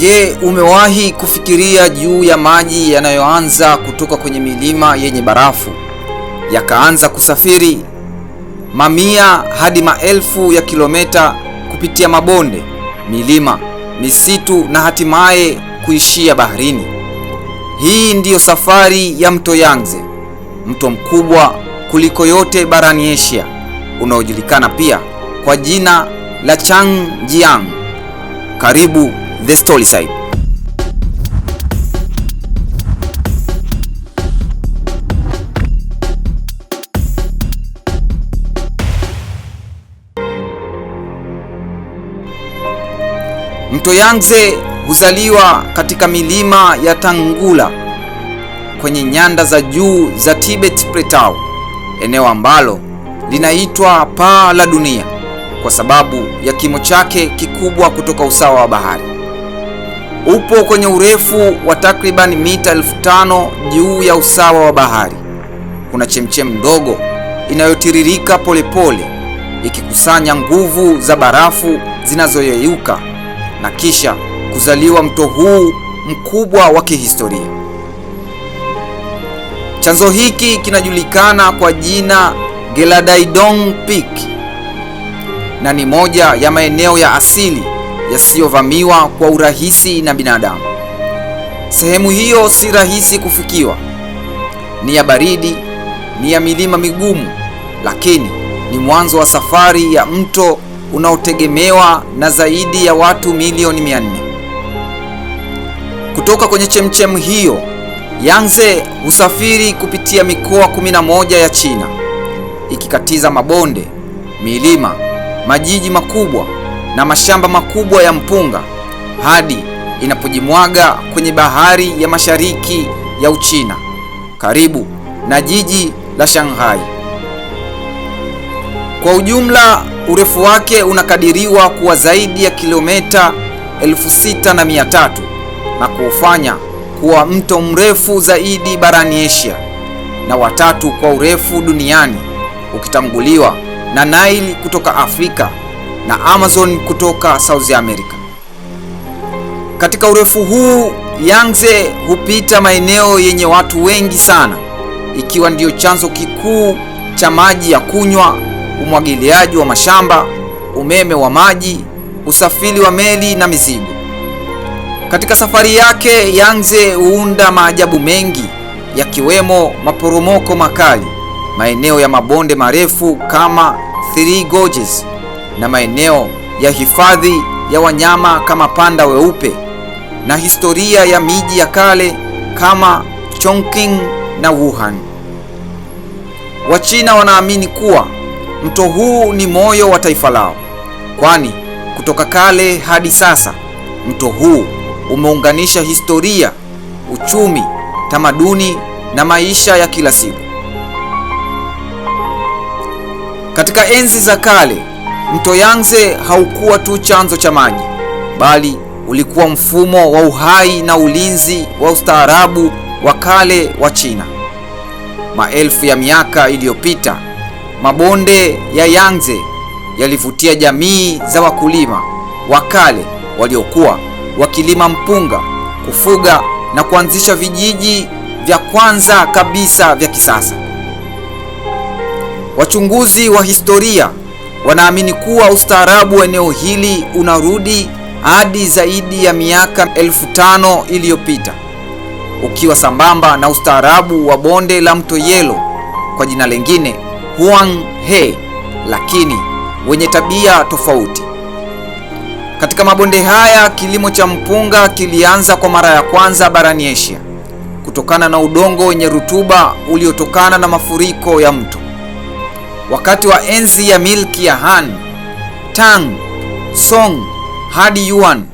Je, umewahi kufikiria juu ya maji yanayoanza kutoka kwenye milima yenye barafu yakaanza kusafiri mamia hadi maelfu ya kilomita kupitia mabonde, milima, misitu na hatimaye kuishia baharini? Hii ndiyo safari ya mto Yangtze, mto mkubwa kuliko yote barani Asia, unaojulikana pia kwa jina la Changjiang. Karibu The Story Side. Mto Yangtze huzaliwa katika milima ya Tangula kwenye nyanda za juu za Tibet Plateau, eneo ambalo linaitwa paa la dunia kwa sababu ya kimo chake kikubwa kutoka usawa wa bahari upo kwenye urefu wa takriban mita elfu tano juu ya usawa wa bahari. Kuna chemchemi ndogo inayotiririka polepole ikikusanya nguvu za barafu zinazoyeyuka na kisha kuzaliwa mto huu mkubwa wa kihistoria. Chanzo hiki kinajulikana kwa jina Geladaidong Peak na ni moja ya maeneo ya asili yasiyovamiwa kwa urahisi na binadamu. Sehemu hiyo si rahisi kufikiwa, ni ya baridi, ni ya milima migumu, lakini ni mwanzo wa safari ya mto unaotegemewa na zaidi ya watu milioni 400. Kutoka kwenye chemchem hiyo Yangtze husafiri kupitia mikoa 11 ya China, ikikatiza mabonde, milima, majiji makubwa na mashamba makubwa ya mpunga hadi inapojimwaga kwenye bahari ya mashariki ya Uchina karibu na jiji la Shanghai. Kwa ujumla urefu wake unakadiriwa kuwa zaidi ya kilomita 6300 na kuufanya kuwa mto mrefu zaidi barani Asia na watatu kwa urefu duniani ukitanguliwa na Nile kutoka Afrika na Amazon kutoka South America. Katika urefu huu Yangtze hupita maeneo yenye watu wengi sana, ikiwa ndiyo chanzo kikuu cha maji ya kunywa, umwagiliaji wa mashamba, umeme wa maji, usafiri wa meli na mizigo. Katika safari yake Yangtze huunda maajabu mengi, yakiwemo maporomoko makali, maeneo ya mabonde marefu kama Three Gorges na maeneo ya hifadhi ya wanyama kama panda weupe na historia ya miji ya kale kama Chongqing na Wuhan. Wachina wanaamini kuwa mto huu ni moyo wa taifa lao, kwani kutoka kale hadi sasa mto huu umeunganisha historia, uchumi, tamaduni na maisha ya kila siku. Katika enzi za kale Mto Yangtze haukuwa tu chanzo cha maji, bali ulikuwa mfumo wa uhai na ulinzi wa ustaarabu wa kale wa China. Maelfu ya miaka iliyopita, mabonde ya Yangtze yalivutia jamii za wakulima wa kale waliokuwa wakilima mpunga, kufuga na kuanzisha vijiji vya kwanza kabisa vya kisasa. Wachunguzi wa historia Wanaamini kuwa ustaarabu wa eneo hili unarudi hadi zaidi ya miaka elfu tano iliyopita ukiwa sambamba na ustaarabu wa bonde la mto Yelo kwa jina lingine Huang He, lakini wenye tabia tofauti. Katika mabonde haya kilimo cha mpunga kilianza kwa mara ya kwanza barani Asia kutokana na udongo wenye rutuba uliotokana na mafuriko ya mto wakati wa enzi ya milki ya Han, Tang, Song hadi Yuan,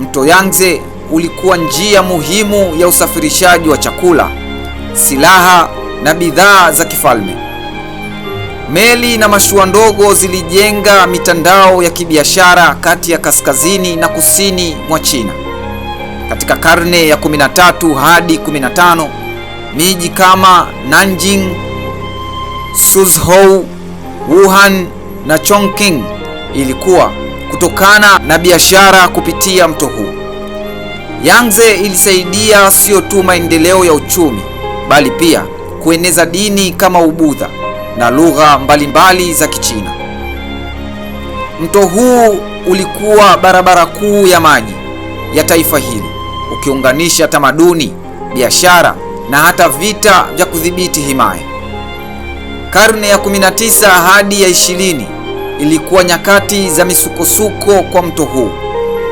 mto Yangtze ulikuwa njia muhimu ya usafirishaji wa chakula, silaha na bidhaa za kifalme. Meli na mashua ndogo zilijenga mitandao ya kibiashara kati ya kaskazini na kusini mwa China. Katika karne ya 13 hadi 15, miji kama Nanjing, Suzhou Wuhan na Chongqing ilikuwa kutokana na biashara kupitia mto huu. Yangtze ilisaidia sio tu maendeleo ya uchumi, bali pia kueneza dini kama Ubudha na lugha mbalimbali za Kichina. Mto huu ulikuwa barabara kuu ya maji ya taifa hili, ukiunganisha tamaduni, biashara na hata vita vya kudhibiti himaya. Karne ya 19 hadi ya 20 ilikuwa nyakati za misukosuko kwa mto huu.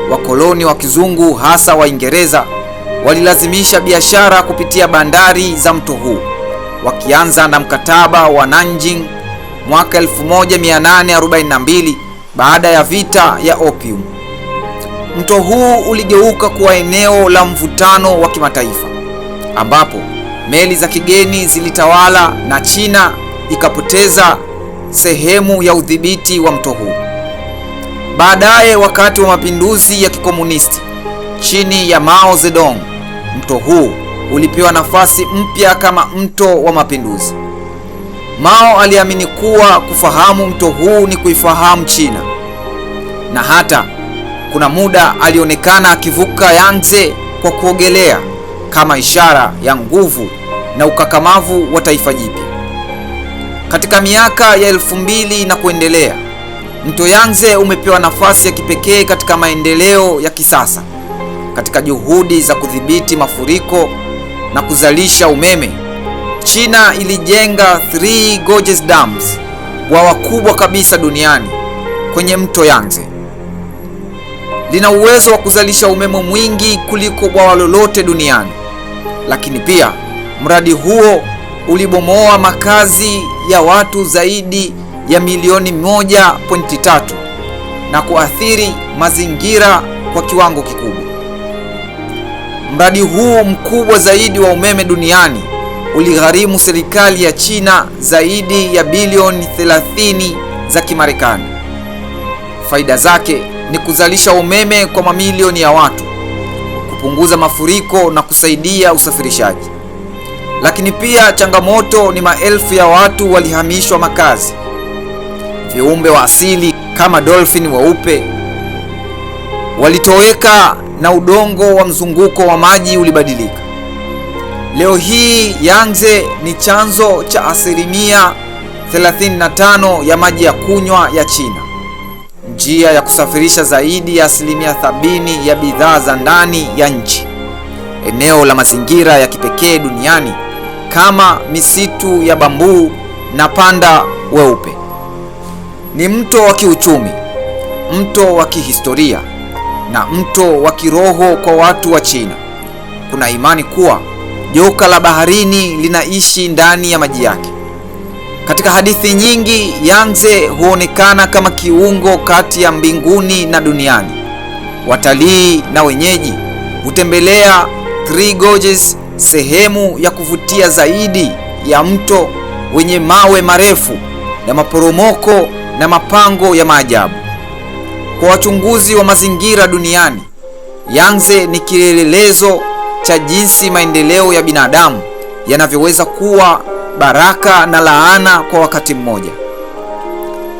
Wakoloni wa kizungu hasa Waingereza walilazimisha biashara kupitia bandari za mto huu, wakianza na mkataba wa Nanjing mwaka 1842 baada ya vita ya Opium. Mto huu uligeuka kuwa eneo la mvutano wa kimataifa ambapo meli za kigeni zilitawala na China ikapoteza sehemu ya udhibiti wa mto huu. Baadaye wakati wa mapinduzi ya kikomunisti chini ya Mao Zedong, mto huu ulipewa nafasi mpya kama mto wa mapinduzi. Mao aliamini kuwa kufahamu mto huu ni kuifahamu China, na hata kuna muda alionekana akivuka Yangtze kwa kuogelea kama ishara ya nguvu na ukakamavu wa taifa jipya. Katika miaka ya elfu mbili na kuendelea, Mto Yangtze umepewa nafasi ya kipekee katika maendeleo ya kisasa katika juhudi za kudhibiti mafuriko na kuzalisha umeme. China ilijenga Three Gorges Dams, bwawa kubwa kabisa duniani kwenye Mto Yangtze. Lina uwezo wa kuzalisha umeme mwingi kuliko bwawa lolote duniani, lakini pia mradi huo ulibomoa makazi ya watu zaidi ya milioni 1.3 na kuathiri mazingira kwa kiwango kikubwa. Mradi huu mkubwa zaidi wa umeme duniani uligharimu serikali ya China zaidi ya bilioni 30 za Kimarekani. Faida zake ni kuzalisha umeme kwa mamilioni ya watu, kupunguza mafuriko na kusaidia usafirishaji. Lakini pia changamoto ni maelfu ya watu walihamishwa makazi. Viumbe wa asili kama dolphin weupe wa walitoweka na udongo wa mzunguko wa maji ulibadilika. Leo hii Yangtze ni chanzo cha asilimia 35 ya maji ya kunywa ya China, njia ya kusafirisha zaidi ya asilimia 70 ya bidhaa za ndani ya nchi, eneo la mazingira ya kipekee duniani kama misitu ya bambuu na panda weupe. Ni mto wa kiuchumi, mto wa kihistoria na mto wa kiroho kwa watu wa China. Kuna imani kuwa joka la baharini linaishi ndani ya maji yake. Katika hadithi nyingi, Yangtze huonekana kama kiungo kati ya mbinguni na duniani. Watalii na wenyeji hutembelea Three Gorges sehemu ya kuvutia zaidi ya mto wenye mawe marefu na maporomoko na mapango ya maajabu. Kwa wachunguzi wa mazingira duniani, Yangtze ni kielelezo cha jinsi maendeleo ya binadamu yanavyoweza kuwa baraka na laana kwa wakati mmoja.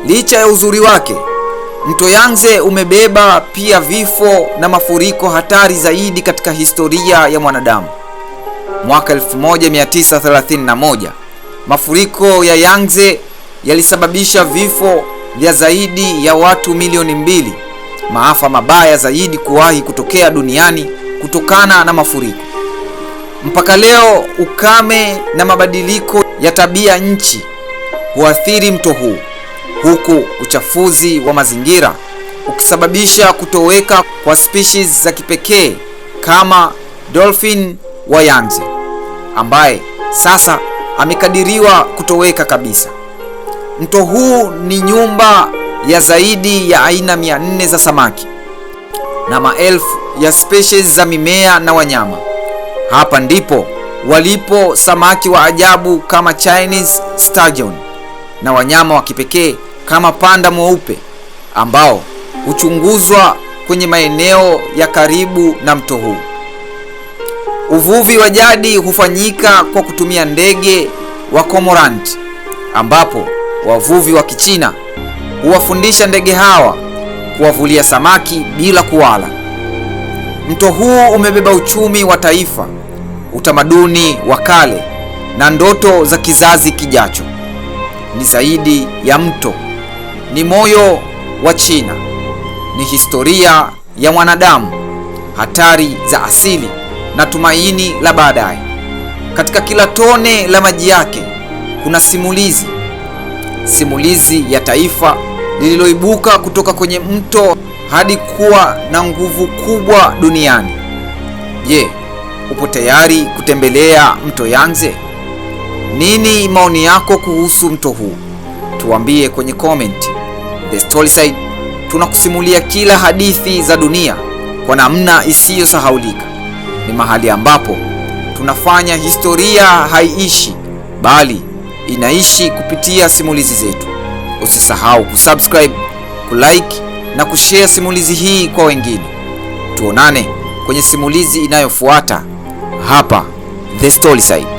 Licha ya uzuri wake, mto Yangtze umebeba pia vifo na mafuriko hatari zaidi katika historia ya mwanadamu mwaka 1931. Mafuriko ya Yangtze yalisababisha vifo vya zaidi ya watu milioni mbili, maafa mabaya zaidi kuwahi kutokea duniani kutokana na mafuriko. Mpaka leo ukame na mabadiliko ya tabia nchi huathiri mto huu, huku uchafuzi wa mazingira ukisababisha kutoweka kwa species za kipekee kama dolphin wa Yangtze ambaye sasa amekadiriwa kutoweka kabisa. Mto huu ni nyumba ya zaidi ya aina 400 za samaki na maelfu ya species za mimea na wanyama. Hapa ndipo walipo samaki wa ajabu kama Chinese sturgeon na wanyama wa kipekee kama panda mweupe ambao huchunguzwa kwenye maeneo ya karibu na mto huu. Uvuvi wa jadi hufanyika kwa kutumia ndege wa Cormorant, ambapo wavuvi wa Kichina huwafundisha ndege hawa kuwavulia samaki bila kuwala. Mto huu umebeba uchumi wa taifa, utamaduni wa kale na ndoto za kizazi kijacho. Ni zaidi ya mto, ni moyo wa China, ni historia ya mwanadamu, hatari za asili na tumaini la baadaye. Katika kila tone la maji yake kuna simulizi, simulizi ya taifa lililoibuka kutoka kwenye mto hadi kuwa na nguvu kubwa duniani. Je, upo tayari kutembelea mto Yanze? Nini maoni yako kuhusu mto huu? Tuambie kwenye comment. The Storyside tunakusimulia kila hadithi za dunia kwa namna isiyosahaulika ni mahali ambapo tunafanya historia haiishi bali inaishi kupitia simulizi zetu. Usisahau kusubscribe, kulike na kushare simulizi hii kwa wengine. Tuonane kwenye simulizi inayofuata hapa The Side.